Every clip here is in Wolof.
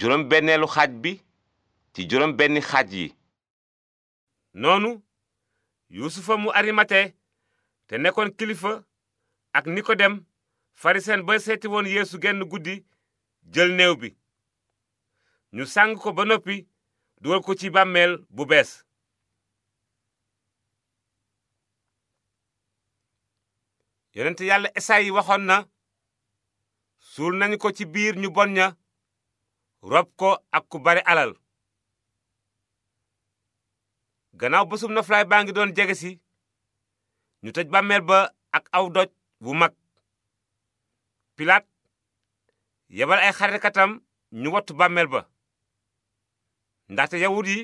juróom benneelu xaaj bi ci juróom benni xaaj yi noonu yuusufa mu arimate te nekkoon kilifa ak nikodem farisen ba seeti woon yéesu genn guddi jël néew bi ñu sàng ko ba noppi dugal ko ci bàmmeel bu bees yonent yàlla esayi waxoon na suul nañu ko ci biir ñu bon ña rob ko ak ku bari alal gannaaw bésum noflaay baa ngi doon jege si ñu tëj bàmmeel ba ak aw doj wu mag pilaat yebal ay xarekatam ñu wattu bàmmeel ba ndaxte yawut yi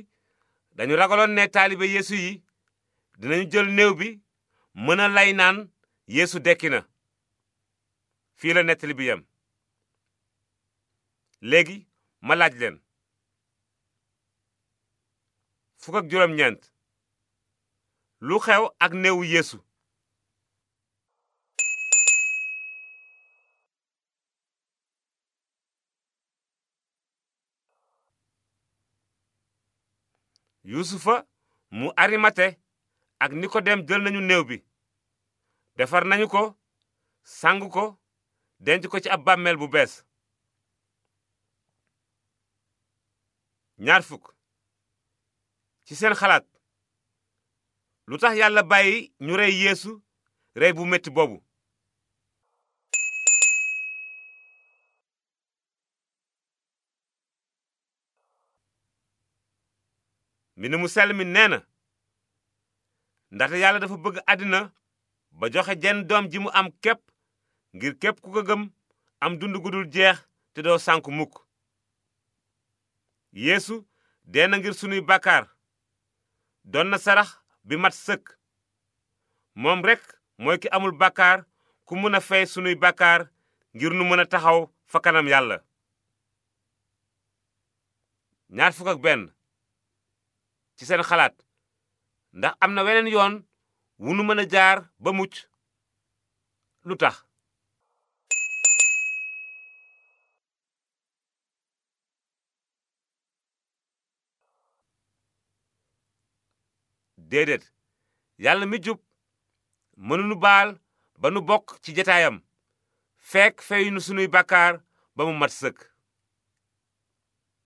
dañu ragaloon ne taalibe yeesu yi dinañu jël néew bi mën a lay naan yeesu dekki na fii la nettali yam léegi malaaj leen fukk juróom ñeent lu xew ak néewu yéesu yusufa mu arimate ak nikodem jël nañu néew bi defar nañu ko sang ko denc ko ci ab bàmmeel bu bees ñaar ci seen xalaat lu tax yàlla bàyyi ñu rey yeesu rey bu metti boobu mbind mu sell mi nee na ndaxte yàlla dafa bëgg àddina ba joxe jenn doom ji mu am képp ngir képp ku ko gëm am dund gudul jeex te doo sànku mukk yéesu dee na ngir sunuy bàkkaar doon na sarax bi mat sëkk moom rekk mooy ki amul bàkkaar ku mën a fey sunuy bàkkaar ngir nu mën a taxaw fa kanam yàlla ñaar fukk ak benn ci seen xalaat ndax am na weneen yoon wu nu mën a jaar ba mucc lu tax déedéet yàlla mi jub mënunu baal ba nu bokk ci jataayam fekk feyunu sunuy bàkkaar ba mu mat sëkk